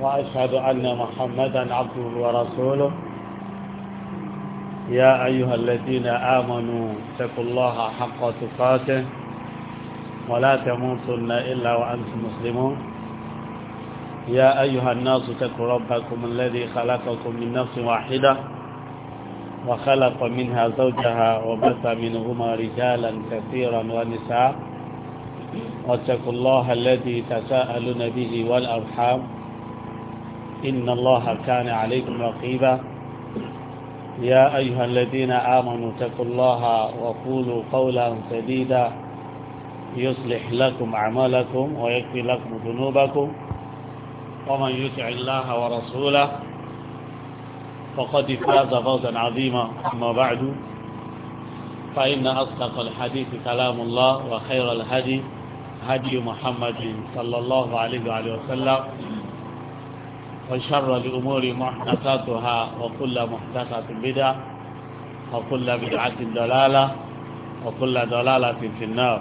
وأشهد أن محمدا عبده ورسوله يا أيها الذين آمنوا اتقوا الله حق تقاته ولا تموتن إلا وأنتم مسلمون يا أيها الناس اتقوا ربكم الذي خلقكم من نفس واحدة وخلق منها زوجها وبث منهما رجالا كثيرا ونساء واتقوا الله الذي تساءلون به والأرحام إن الله كان عليكم رقيبا يا أيها الذين آمنوا اتقوا الله وقولوا قولا سديدا يصلح لكم أعمالكم ويكفي لكم ذنوبكم ومن يطع الله ورسوله فقد فاز فوزا عظيما أما بعد فإن أصدق الحديث كلام الله وخير الهدي هدي محمد صلى الله عليه وآله وسلم وشر الأمور محدثاتها وكل محدثة بدعة وكل بدعة ضلالة وكل ضلالة في النار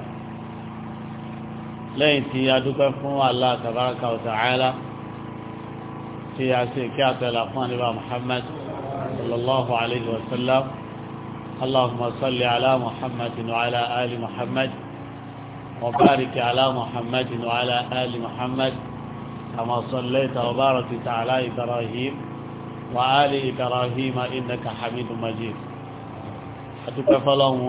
لين تيادك فهو الله تبارك وتعالى في كات الأخوان إبا محمد صلى الله عليه وسلم اللهم صل على محمد وعلى آل محمد وبارك على محمد وعلى آل محمد كما صليت وباركت على إبراهيم وآل إبراهيم إنك حميد مجيد أتوقع فلهم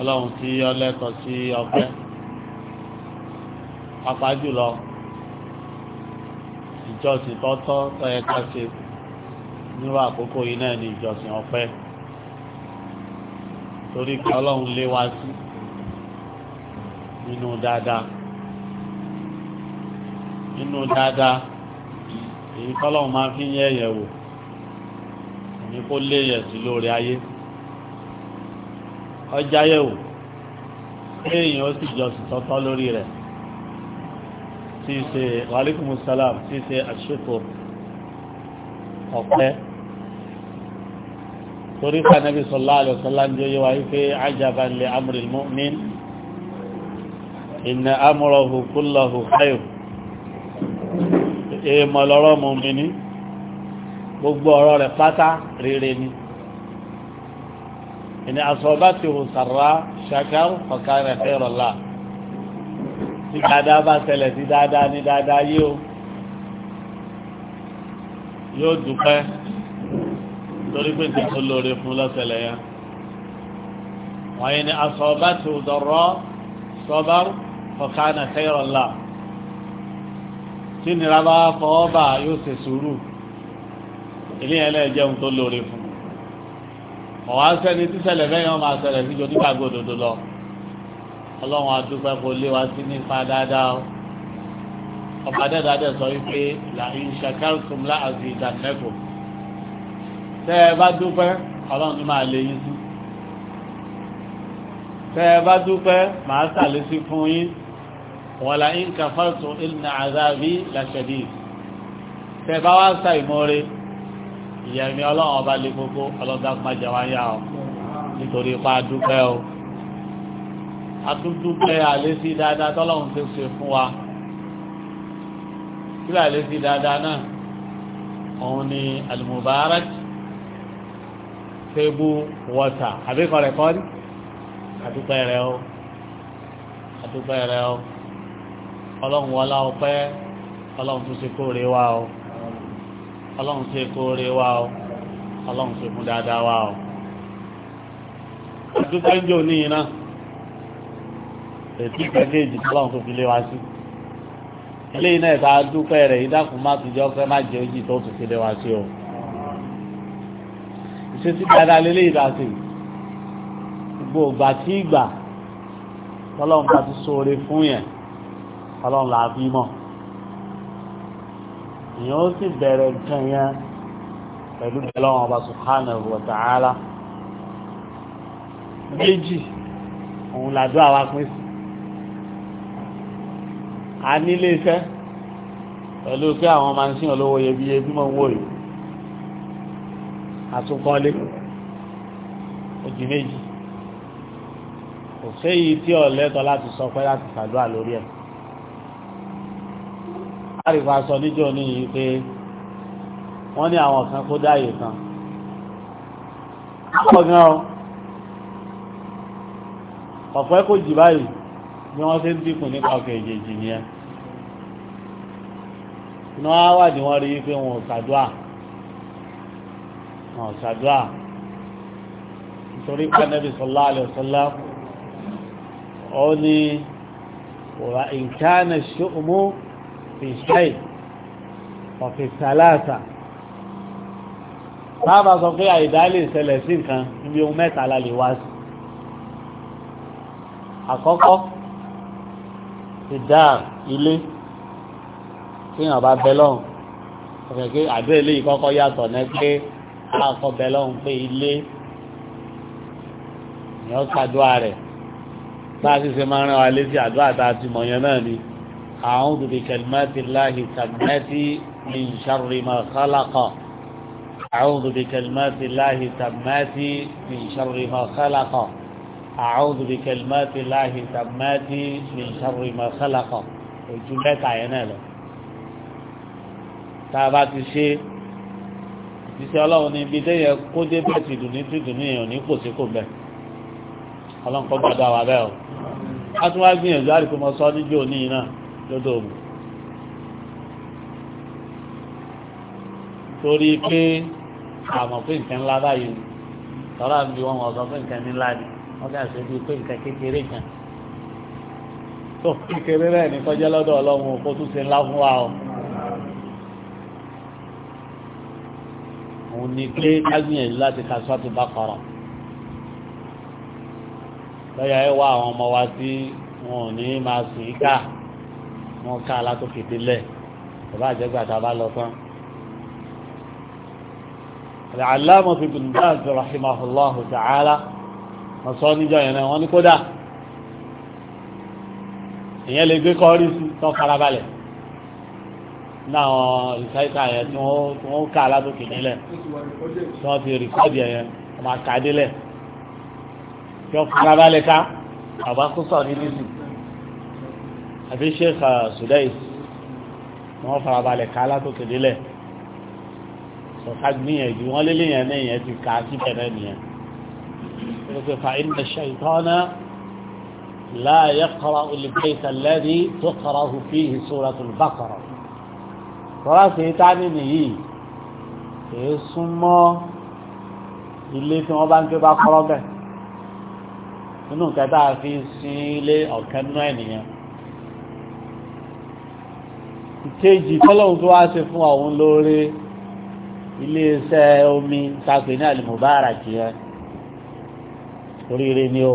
ọlọ́run tí ọlẹ́tọ̀ sí ọpẹ́ pàápàá jùlọ ìjọsìn tọ́tọ́ tọ́yẹ ká ṣe níwà àkókò yìí náà ni ìjọsìn ọpẹ́ torí pé ọlọ́run lé wa sí nínú dáadáa nínú dáadáa èyí tọ́lọ́run máa fi ń yẹ ẹ̀yẹ̀ wò ní kó léyẹ̀ sí lórí ayé ọjà yẹ̀wò kéèyàn ó sì jọsìn tọ́tọ́ lórí rẹ̀ tí í ṣe wàlíkùmù sálàm tí í ṣe àṣepọ̀ ọ̀pẹ́ torí kànábi sọ̀lá àlọ́sọ́lá ń jẹ́ wáyé pé ajaba li amril mu'min inna amrahu kullahu khayr èèmọ̀ lọ́rọ̀ mùmíní gbogbo ọ̀rọ̀ rẹ̀ pátá rere ni ìní àsọ̀bá ti hù sàrà ṣàkàrù ọ̀ka rẹ̀ fẹ́rọ̀ là tí dáadáa bá ṣẹlẹ̀ sí dáadáa ní dáadáa yìí o yóò dúpẹ́ torí pé kí tó lóore fún lọ́sẹ̀lẹ̀ yẹn wọ́n yìí ni àsọ̀bá ti hù dọ̀rọ̀ sọ́bárù ọ̀ka rẹ̀ fẹ́rọ̀ là tí nira bá fọwọ́ bà yóò ṣe sùúrù ilé ẹlẹ́ jẹun tó lóore fún ọ̀wá sẹ́ni tí ṣẹlẹ̀ bẹ́yàn máa ṣẹlẹ̀ sí jòdúgbà gbòdòdó lọ ọlọ́run adúpẹ́ kò lé wa sí nípa dáadáa o ọba dẹ́dá dẹ́ sọ wípé làyín ṣàkàtúm láàzì ìdánilẹ́kọ̀ọ́ tẹ́ ẹ bá dúpẹ́ ọlọ́run ní máa lè sí tẹ́ ẹ bá dúpẹ́ màá sàlẹ̀ sí fún yín wọ́n la ń kàfàtù ìlànà àzáàbí làṣẹ̀dì tẹ́ bá wá sá ìmọ́re ìyẹ̀mí ọlọ́run ọba lè kókó ọlọ́dá pàjá wá yá ọ nítorí pa dúpẹ́ o atúndúpẹ́ àlésí dáadáa tọ́lọ́run ti ṣe fún wa kí àlésí dáadáa náà òun ni alimubarak table water àbíkọ̀ rẹ̀ kọ́ rí àdúpẹ́ rẹ̀ o àdúpẹ́ rẹ̀ o ọlọ́run wọlá ọpẹ́ ọlọ́run tó ṣe kó rè wá o ọlọ́run ṣe kó rè wá o ọlọ́run ṣe fún dáadáa wá o. àdúgbò ń jò níyìn náà ètí pẹ́kéjì ọlọ́run tó fi lé wa sí eléyìí náà ta dúpẹ́ rẹ̀ ìdákun má ti jọ pé má jẹ́ ojì tó tún fi lé wa sí o ṣe dáadáa lélẹ́yìí dáa sí gbogbo ìgbà tí ìgbà tọ́lọ́run bá ti sóore fún yẹn ọlọ́run là bí mọ̀ èèyàn ó sì bẹ̀rẹ̀ nǹkan yẹn pẹ̀lú bẹ̀lọ́wọ̀n ọba subhanahu wa ta'ala méjì òun làdúrà wa pín sí a nílé iṣẹ́ pẹ̀lú pé àwọn máa ń sìn olówó iyebíye bí mo ń wò yìí àtúnkọ́lé òjì méjì kò séyìí tí ọ̀lẹ́tọ̀ láti sọ pé láti ṣàdúrà lórí ẹ̀ àrífà sọ níjọ ní yìí pé wọ́n ní àwọn kan kó dáyé kan ọ̀gán ọ ọ̀pẹ́ kò jì báyìí bí wọ́n ṣe ń dínkù nípa ọ̀kẹ́ ìjèjì nìyẹn iná wádìí wọ́n rí pé wọn ṣàdúà wọn ṣàdúà nítorí pé Ànábì sallallahu alaihi wasallam ó ní wa in kana ash في شيء وفي ثلاثة sáàbà sọ pé àìdálè ìṣẹ̀lẹ̀ sí nǹkan níbi ohun mẹ́ta la lè wá sí àkọ́kọ́ ìdá ilé tí yàn bá bẹ lọ́hùn ọ̀fẹ́ pé àdó ilé yìí kọ́kọ́ yàtọ̀ ní pé àkọ́ bẹ lọ́hùn pé ilé ìyàn ṣàdúrà rẹ̀ bá a sì ṣe máa ń rán wa létí àdúrà tá a ti mọ̀ yẹn náà ni أعوذ بكلمات الله تماتي من شر ما خلق أعوذ بكلمات الله تماتي من شر ما خلق أعوذ بكلمات الله تماتي من شر ما خلق الجملة تعينا له تابعت الشيء ìṣẹ́ ọlọ́run ní ibi tẹ́yẹ kó dé bẹ́ẹ̀ ti dùn ní tìdùn ní èèyàn ní kò sí kò bẹ́ẹ̀ ọlọ́run kọ́ gbọ́dọ̀ wà lọ́dọ̀ òun torí pé àmọ̀ pé nǹkan ńlá báyìí tọ́lá ń bi wọn wọ́n sọ pé nǹkan ńlá ni wọ́n kà ṣe bíi pé nǹkan kékeré kan tó kékeré rẹ̀ ní kọjá lọ́dọ̀ ọlọ́run kó tún ṣe ńlá fún wa o. òun ni pé kágbìyànjú láti ka sọ́ọ̀tù bá kọ̀rọ̀ lọ́yà ẹ wá àwọn ọmọ wa tí wọn ò ní máa sùn í wọn ká alátòkè délẹ̀ bàbá àjẹgbà tá a bá lọ tán. Al-Allama Ibn Baz rahimahullahu ta'ala wọ́n sọ níjọ yẹn náà wọ́n ní kódà èyàn lè gbé kọ́rí sí tó farabalẹ̀ náà rìsáìtà yẹn tí wọ́n ká alátòkè délẹ̀ tí wọ́n ti rìkọ́dì yẹn wọ́n ká délẹ̀ tí wọ́n farabalẹ̀ ká bàbá kó sọ àbí sheikh uh, sudais wọ́n farabalẹ̀ ká látòkè délẹ̀ sọ̀ká gbìyànjú wọ́n lélẹ̀ yẹn náà yẹn ti ká sí bẹ̀rẹ̀ nìyẹn pẹ̀lú fa inna shaytana la yaqra'u al-bayta alladhi tuqra'u fihi suratul baqara rọ́lá sí tání nìyí èé súnmọ́ ilé tí wọ́n bá ń gbé bá kọ́rọ́ bẹ̀ nínú kẹta fi sin ilé ọ̀kẹ́ nú ènìyàn ìkejì tọ́lọ́run tó wá ṣe fún àwọn lóore iléeṣẹ́ omi tàpé ní àlùmọ́bára kì í oríire ni o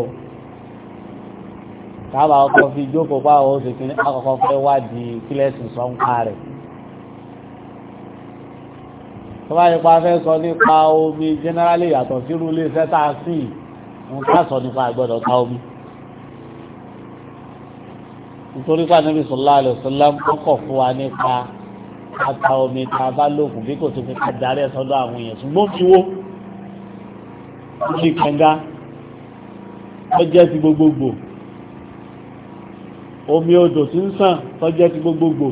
káàbà ọkọ̀ fi jókòó pa àwọn oṣù kìíní akọ̀kọ̀ fẹ́ wádìí kílẹ̀sì sọ́ńpa rẹ̀ tó bá nípa fẹ́ sọ nípa omi jẹ́nẹ́rálì yàtọ̀ sírú iléeṣẹ́ tá a sìn ká sọ nípa àgbọ̀dọ̀ ká omi nítorí pé ànábì sallallahu alaihi wasallam kọ́kọ̀ fún wa nípa ata omi tá a bá lòkùn bí kò tó fi ká darí ẹ̀ sọ́dọ̀ àwọn èèyàn ṣùgbọ́n fi wó ní kànga ó jẹ́ ti gbogbogbò omi odò tí ń sàn tó jẹ́ ti gbogbogbò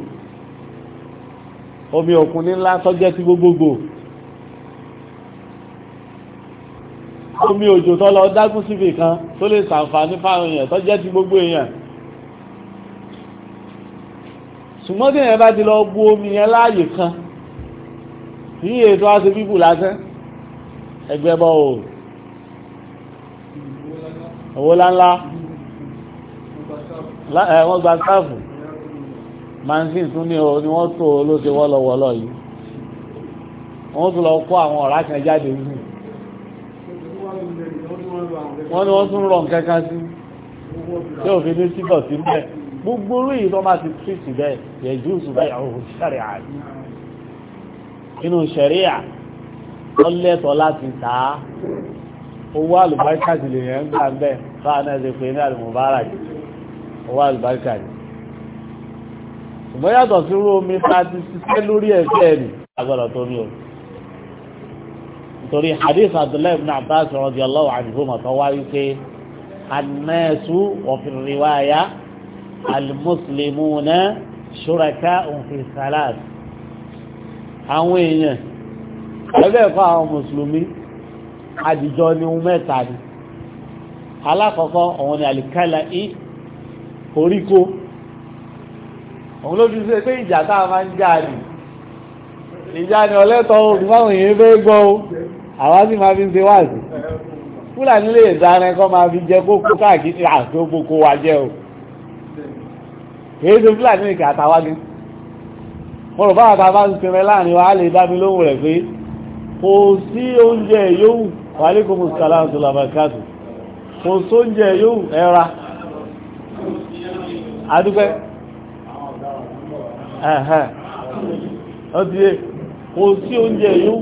omi òkun nílá tó ti gbogbogbò omi òjò tó dágún síbì kan tó lè ṣàǹfààní fáwọn èèyàn tó ti gbogbo èèyàn ṣùgbọ́n tí èèyàn bá ti lọ bu omi yẹn láàyè kan ní ètò aṣọ bíbù lásán ẹgbẹ́ bọ́ o owó láńlá wọ́n gba sáàfù manzin tún ní o ni wọ́n tó olóṣè wọ́lọ́wọ́lọ́ yìí wọ́n tún lọ kó àwọn ọ̀rá kan jáde nínú wọ́n ní wọ́n tún rọ̀ nǹkan kan sí tí òfin ní síbọ̀ sí mẹ́ẹ̀ gbogbo orí ìtọ́ bá ti tírìtì bẹ́ẹ̀ yẹjú ṣùgbọ́n ìyàwó ṣẹ̀rí àrí inú ṣẹ̀rí à lọ́lẹ́tọ̀ láti tà á owó àlùbáríkà ti lè yẹn gbà ń bẹ́ẹ̀ fáà náà ṣe pé ní àlùmọ̀bára jù owó àlùbáríkà jù ṣùgbọ́n yàtọ̀ sí pé anẹ́sù wa fi riwaya المسلمون شركاء في salat àwọn èèyàn ẹgbẹ́ ẹ̀kọ́ àwọn mùsùlùmí àdìjọ ni ohun mẹ́ta ni alákọ̀ọ́kọ́ òun ni àlìkálà í koríko òun ló fi ṣe pé ìjà tá máa ń jà ní ìjà ni ọlẹ́tọ̀ òun fáwọn èèyàn fẹ́ gbọ́ o àwa sì máa fi ṣe wáàsí fúlàní lè dáná kọ́ máa fi jẹ kókó káàkiri àti ó kókó wa jẹ́ o. èyí tó fúlàní ìkà àtàwágí wọ́n rọ̀ báwọn bàbá ń sinmi láàrin lè dámi lóhùn rẹ̀ pé kò sí oúnjẹ yóò wà ní kò mùsùlùmí àtùlàbàkàtù kò yóò ẹra adúgbẹ́ ẹ̀hẹ́ ọdíyẹ kò oúnjẹ yóò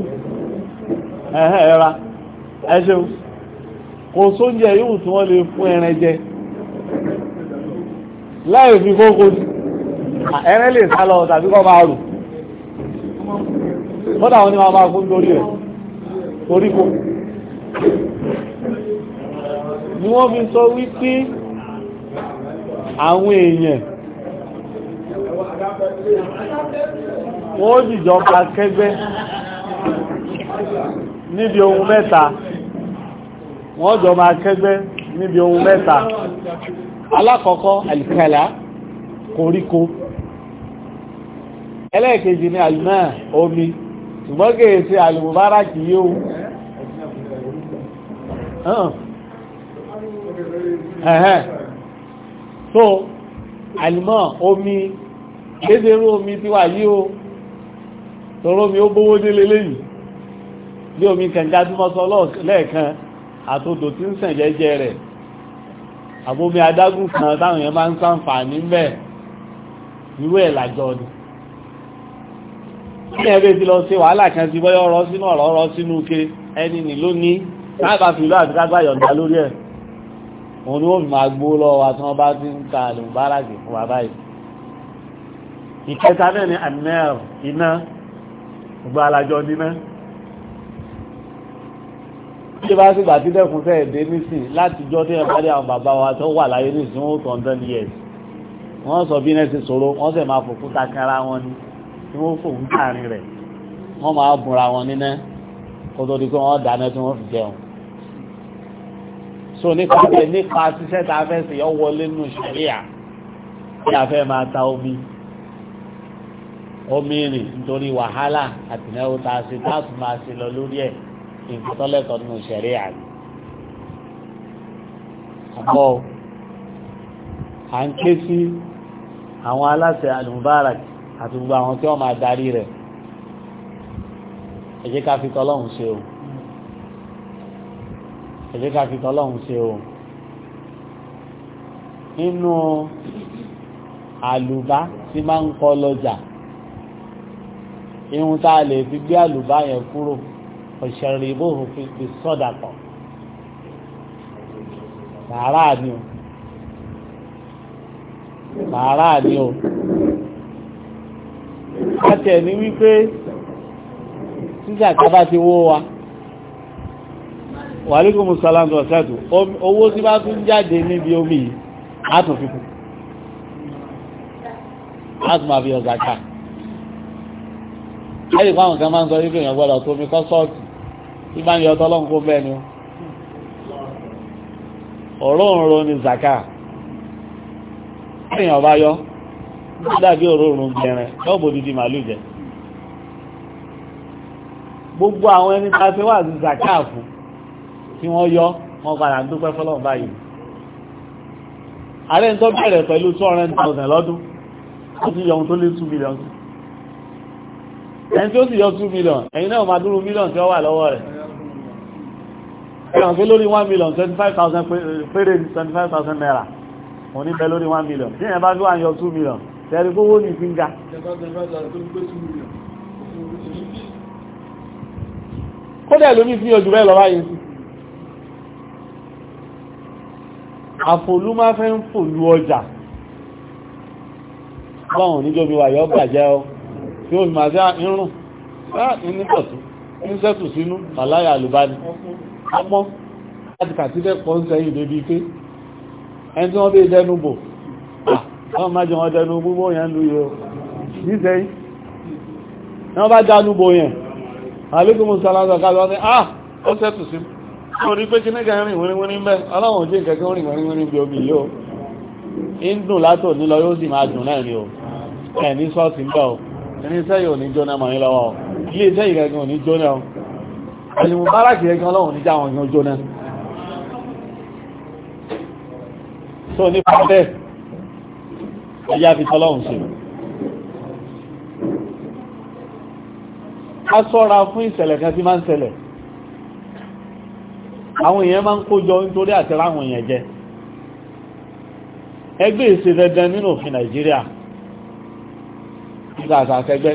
tí wọ́n lè fún láì fi kókó sí ẹrẹ lè sá lọ tàbí kọ́ máa rù kódà wọn ni wọn máa fún lórí ẹ̀ torí kò ni wọ́n fi sọ wípé àwọn èèyàn wọ́n jìjọba kẹgbẹ́ níbi ohun mẹ́ta wọ́n jọ máa kẹgbẹ́ níbi ohun mẹ́ta alákọ̀ọ́kọ́ alìkàlá koríko ẹlẹ́ẹ̀kejì ni alìmọ́ omi ṣùgbọ́n kèé ṣe alìmọ̀bára kì yóò ẹ̀hẹ́n so alìmọ́ omi kéderú omi tí wà yí tọrọ mi ó bówó délé léyìí bí omi kẹ̀ǹgá tí mọ́ sọ lẹ́ẹ̀kan àtòdò tí ń sàn jẹ́jẹ́ rẹ̀ àbómi adágún kan táwọn èèyàn máa ń ṣàǹfààní mẹ́ irú ẹ̀ làjọ ni ní ẹgbẹ́ ti lọ sí wàhálà kan ti bọ́yọ́ ọ̀rọ̀ sínú ọ̀rọ̀ sínú ke ẹni nì lónìí káàbà fìlú ni wọ́n fi máa gbó lọ wa tí wọ́n bá ti ń ta àlùbáràkì ni àmì iná gbogbo alájọ tí bá sì gbàtí dẹ́kun fẹ́ dé nísìn láti jọ tí ẹ bá dé àwọn bàbá wa tó wà láyé nísìn wọn ó tàn dán ní ẹ̀sì wọ́n sọ bí nẹ́sì sòro wọ́n sì máa fòkú takara wọn ni tí wọ́n fòkú káàrin rẹ̀ wọ́n máa bùnra wọn níná kó tó di pé wọ́n dáná tí wọ́n fi jẹun. so nípa bẹ́ẹ̀ nípa ṣiṣẹ́ tá a fẹ́ sì yọ wọlé nù ṣẹ̀ríà tí a fẹ́ máa ta omi omi rìn nítorí wàhálà àtìlẹ́wò tá a ṣe tá a tún máa ṣe lọ lórí ẹ̀ nǹkan tó lẹ́tọ̀ọ́ nínú ìṣẹ̀rí àmì àmọ́ à ń ké sí àwọn aláṣẹ al-Mubarak àti gbogbo àwọn tí wọ́n máa darí rẹ̀ ẹ jẹ́ ká fi tọ́lọ́hun ṣe o ẹ jẹ́ ká fi tọ́lọ́hun o nínú àlùbá tí máa ń kọ lọ́jà ihun tá a lè fi gbé àlùbá yẹn kúrò ọ̀ṣẹ̀rìbóhùn fi fi sọ́dà pọ̀ sàárà ni o sàárà ni o àtẹ̀ ní wípé sísà kábà ti wó wa wàlíkùn musalandu ọ̀sẹ̀tù owó tí bá tún jáde níbi omi yìí látùn fífù látùn máa fi ọ̀zàká láyé fáwọn kan máa ń sọ wípé èèyàn gbọ́dọ̀ tó mi kọ́ sọ́ọ̀tù ìbá ni ọ̀tọ̀ ọlọ́run kó bẹ́ẹ̀ ni òróǹro ni zaka èèyàn bá yọ dàbí òróǹro jẹrin lọ́gbò dídí màálù jẹ gbogbo àwọn ẹni tá a fi wà ní zaka fún tí wọ́n yọ wọ́n padà ń dúpẹ́ fọlọ́run báyìí ààrẹ ń tọ́ bẹ̀rẹ̀ pẹ̀lú 200,000 lọ́dún ó ti yọ ohun tó lé 2 million ẹni tí ó sì yọ 2 million ẹ̀yin náà máa dúró mílíọ̀n tí ó wà lọ́wọ́ rẹ̀ ẹ̀wọ̀n pé lórí 1 million 25,000 eh, péré 25,000 naira wọ́n ní bẹ lórí 1 million tí ẹ̀ bá ló àyọ 2 million tẹ́rí kówó ní fíńgà kódẹ̀ lómi fi ojú bẹ́ẹ̀ lọ́wọ́ yìí sí àfòlú máa fẹ́ ń fòlú ọjà báwọn oníjọbi wà yọ bàjẹ́ ọ tí ó máa fẹ́ irun ní tọ̀tún ní sẹ́tù sínú àláyà àlùbáni ọmọ láti kàtílẹ̀ pọ̀ ń sẹ́yìn débi pé ẹni tí wọ́n bí dẹnu bò wọ́n má jẹ wọ́n dẹnu gbogbo yẹn lú yẹ nísẹ́yìn wọ́n bá dánú bò yẹn alẹ́gbẹ̀mọ́ sálásà kálọ́ ní ah ó sẹ́tù sí orí pé kíníkà rìn wíníwíní bẹ́ aláwọ̀n jẹ́ ìkẹ́kẹ́ rìn wíníwíní bí omi yóò ń o ẹ̀ ní sọ́ọ̀tì ń bẹ̀ o ẹni sẹ́yìn ò ní jóná mọ̀ ní lọ́wọ́ ilé iṣẹ́ ìrẹ́gùn ò ẹ̀lùmù báràkì ẹgbẹ́ ọlọ́run níjà àwọn èèyàn jóná tó ní pàtẹ́ ẹ̀yà fi tọ́lọ́run ṣe a sọ́ra fún ìṣẹ̀lẹ̀ kan tí máa ń ṣẹlẹ̀ àwọn èèyàn máa ń kójọ nítorí àtẹ́rà àwọn èèyàn jẹ ẹgbẹ́ ìṣẹ̀dẹ̀dẹ̀ nínú òfin Nàìjíríà nígbà àtàkẹgbẹ́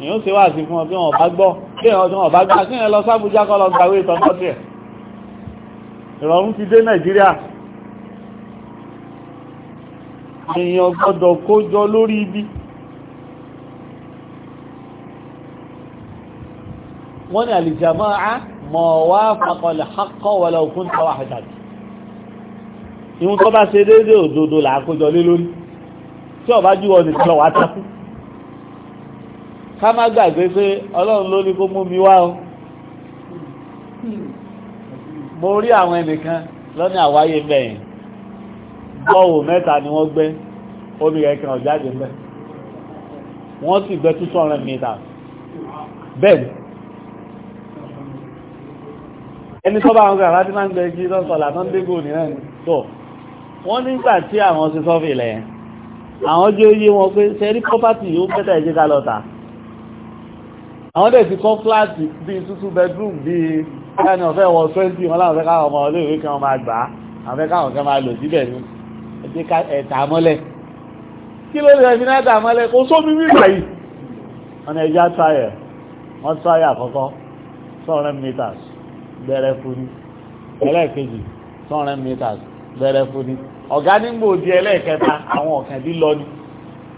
èyàn ṣe wà sí fún ọ bí wọn bá gbọ́ bí wọn tí wọn bá gbá sí ẹ lọ sábújá kọ́ lọ gbàwé ìtọ́kọ́ sí ẹ̀ ìrọ̀rùn ti dé nàìjíríà èèyàn gbọ́dọ̀ kójọ lórí ibi wọ́n ní àlìjàmọ́ á mọ̀ wá pàkọlẹ̀ akọ́ wọlé òkun tàwà àjàjì ìhun tó bá ṣe déédéé òdodo làákójọ lé lórí tí ó bá jù ọ nìkan wà á takú ká má gbàgbé pé ọlọ́run ló ní kó mú mi wá o mo rí àwọn ẹnìkan lọ́nà àwáyé mẹ́yìn bọ́ọ̀wò mẹ́ta ni wọ́n gbẹ́ omi ẹ̀kan ọ̀jáde mẹ́ wọ́n sì gbẹ́ 200 mítà bẹ́ẹ̀ ẹni tó bá àwọn gbà láti máa ń gbẹ́ kí lọ́sọ̀lá tó ń dégò nìyàn tó wọ́n nígbà tí àwọn ti sọ́fì lẹ́yìn àwọn jẹ́ oyé wọn pé sẹ́rí pọ́pátì yóò bẹ́tà ìjẹ́ká lọ́ta àwọn dẹ̀ ti kọ́ fúláàtì bíi tútù bedroom bíi ẹni ọ̀fẹ́ wọ 20 wọn láwọn fẹ́ káwọn ọmọ olóòwe kan máa gbà á àwọn fẹ́ káwọn kan máa lò síbẹ̀ ní ẹ̀tà mọ́lẹ̀ kí ló lè fi náà mọ́lẹ̀ kò sómi wíwà yìí wọn ẹja tráyẹ̀ wọ́n tráyẹ̀ àkọ́kọ́ 200 meters bẹ̀rẹ̀ fún ní ẹlẹ́ẹ̀kejì 200 meters bẹ̀rẹ̀ fún ní ọ̀gá nígbò di ẹlẹ́ẹ̀kẹta àwọn ọ̀kàn dí lọ ni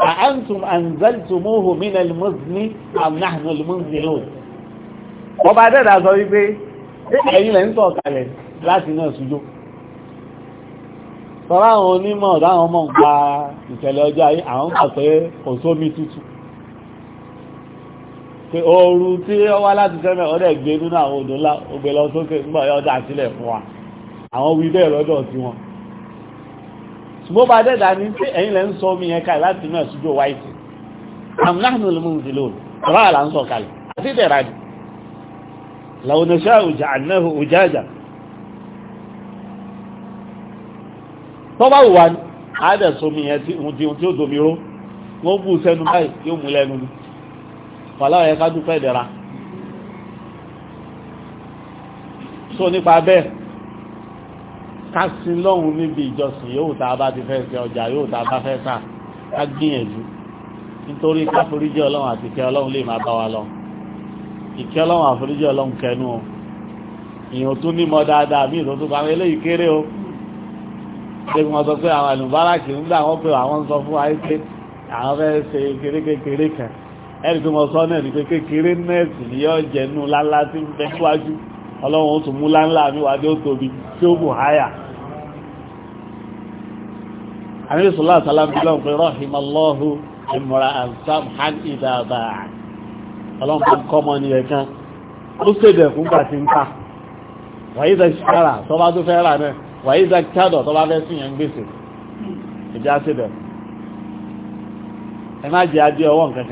أأنتم أنزلتموه من المزن أم نحن المنزلون ọba dẹ́dà sọ wípé ẹ̀yin lẹ́ ń tọ̀ kalẹ̀ láti náà sújó sọ́rọ̀ àwọn onímọ̀ dáwọn mọ̀ ń pa ìṣẹ̀lẹ̀ ọjọ́ ayé àwọn gbà pé kò sómi tútù pé ooru tí ó wá láti sẹ́mẹ̀ ọdẹ̀ gbé nínú àwọn odò ńlá ó gbé lọ sókè nígbà ọdá sílẹ̀ fún wa àwọn wí bẹ́ẹ̀ lọ́dọ̀ sí wọn ṣùgbọ́n bá dẹ́dà ní pé ẹ̀yin lẹ́ ń sọ omi yẹn kalẹ̀ láti náà sójú wáìtì àmúláhùn ló mú un sílò ọ̀rọ̀ àlà ń sọ kalẹ̀ àti ìdẹ̀ra ni làwọnàṣẹ́ òjà ànáhù òjà àjà tó bá wùwá ní àádẹ́ sọmi yẹn tí ohun tí ó domi ró wọ́n bú sẹ́nu báyìí yóò mú lẹ́nu ni fàlàwọ̀ yẹn ká dúpẹ́ ìdẹ̀ra sọ nípa bẹ́ẹ̀ kásin lọ́hun níbi ìjọsìn yóò tá a bá ti fẹ́ ṣe ọjà yóò tá a bá fẹ́ tà ká gbìyànjú nítorí káforíjì ọlọ́run àti ìkẹ́ ọlọ́run lè máa bá wa lọ ìkẹ́ ọlọ́run àforíjì ọlọ́run kẹnu o ìyàn tó ní mọ dáadáa mí ìtọ́tún kan eléyìí kéré o ṣé kí wọ́n sọ pé àwọn àlùbáràkì nígbà wọ́n pé àwọn sọ fún wa pé àwọn fẹ́ ṣe kéré kékeré kan ẹni tó mọ sọ náà ni pé kékeré nẹ́ẹ̀sì ni yóò jẹ́ láńlá tí ń bẹ́ síwájú ọlọ́run ó tún mú láńlá mi wá dé ó tóbi tí ó bù háyà àmì sọlá sàlám bí lọ́n pé rọ́hìm ọlọ́hu ìmọ̀ra àzám hàn ìdàbà ọlọ́pàá kọ́mọ ni ẹ̀kan ó ṣèdè fún pàtí ń ta wàyí zà ṣára tó bá tó fẹ́ rà náà wàyí zà kádọ̀ tó bá fẹ́ sí yẹn gbèsè ìjà ṣèdè ẹ má jẹ́ adé ọwọ́ nǹkan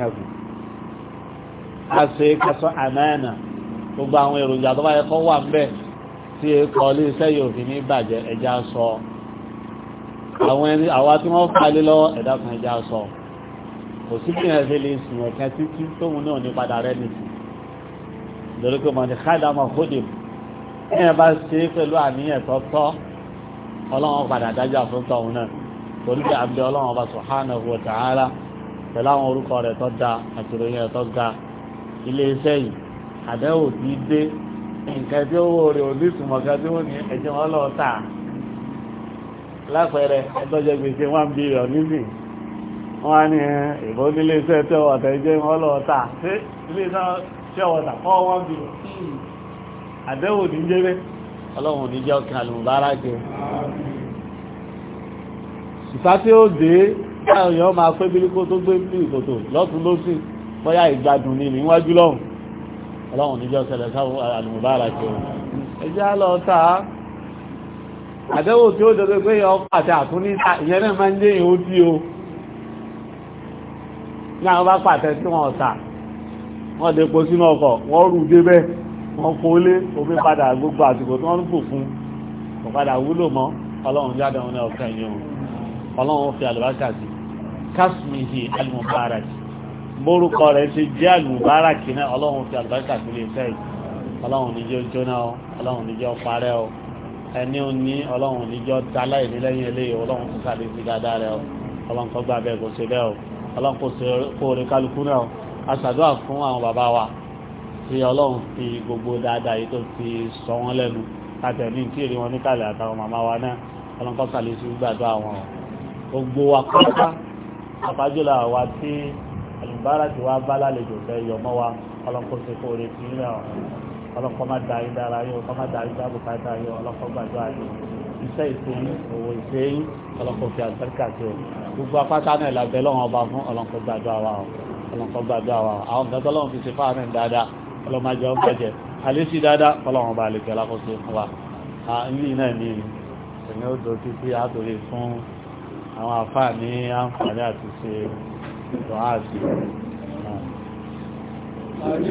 ń bẹ̀ àwọn ẹni àwa tí wọ́n falé lọ́wọ́ ẹ̀dá kan ẹja sọ kò sí kí ẹ̀fẹ́ lè sùn ẹ̀kẹ́ títí tóun náà ní padà rẹ̀ nìtì lórí pé mọ̀ ní kádàmọ̀ kódì ẹ̀yẹn bá ṣe pẹ̀lú àníyàn tọ́tọ́ ọlọ́run padà dájà fún tọ́hun náà torí pé àbí ọlọ́run ọba subhanahu wa ta'ala pẹ̀lú àwọn orúkọ rẹ̀ tó da àti ìròyìn rẹ̀ lápẹẹrẹ ẹgbẹ́jẹ gbèsè one billion nísìn wọ́n á ní ìbò nílé iṣẹ́ tẹ́ ọ̀tà ẹjẹ́ wọn lọ ta ṣé ilé iṣẹ́ tẹ́ ọ̀tà kọ́ one billion àdéhùn ní jẹ́rẹ́ ọlọ́run ní jẹ́ ọkàn àlùmọ́bárà jẹ ìta tí ó dé ẹ̀yọ́ máa pé bílíkó tó gbé ní ìkòtò lọ́tún lọ́sìn bóyá ìgbádùn ni níwájú lọ́hùn ọlọ́run ní jẹ́ ọkàn àlùmọ́bárà jẹ ẹjẹ́ á lọ ta àdẹ́wò tí ó dẹ̀dẹ̀ pé ọkọ̀ àti àtúníta ìyẹn náà máa ń dé ìhó tí o ní àwọn bá pàtẹ tí wọ́n ta wọ́n dẹ̀po sínú ọkọ̀ wọ́n rù débẹ̀ wọ́n kó lé omi padà gbogbo àsìkò tí wọ́n ń fò fún kò wúlò mọ́ ọlọ́run jáde wọn ní ọkàn yìí ẹni ò ní ọlọ́run níjọ́ dálá ìní lẹ́yìn eléyìí ọlọ́run tó sàlẹ̀ sí dáadáa rẹ ọlọ́run kó gbà bẹ́ẹ̀ kò ṣe bẹ́ẹ̀ o ọlọ́run kò ṣe kó orí kálukú náà o a ṣàdúrà fún àwọn bàbá wa tí ọlọ́run fi gbogbo dáadáa yìí tó fi sọ wọ́n lẹ́nu àtẹ̀lé tí èrè wọn níkàlẹ̀ àtàwọn màmá wa náà ọlọ́run kó sàlẹ̀ sí gbàdúrà wọn gbogbo wa pátá ọlọ́kọ́ má da ayé dára yóò ọlọ́kọ́ má da ayé dáàbò ká dáa yóò ọlọ́kọ́ gbàdúrà yóò iṣẹ́ ìsìn òwò ìsìn ọlọ́kọ́ fi àgbẹ̀ríkà sí o gbogbo apáta náà làbẹ́ lọ́wọ́n ọba fún ọlọ́kọ́ gbàdúrà wa o ọlọ́kọ́ gbàdúrà wa o àwọn gbàdúrà lọ́wọ́n fi ṣe fáwọn náà dáadáa ọlọ́mọdé ọgbàjẹ àlésì dáadáa ọlọ́wọ́n ọba àlejò alákòóso fún wa ilé náà ní ẹ̀mí ó dọ̀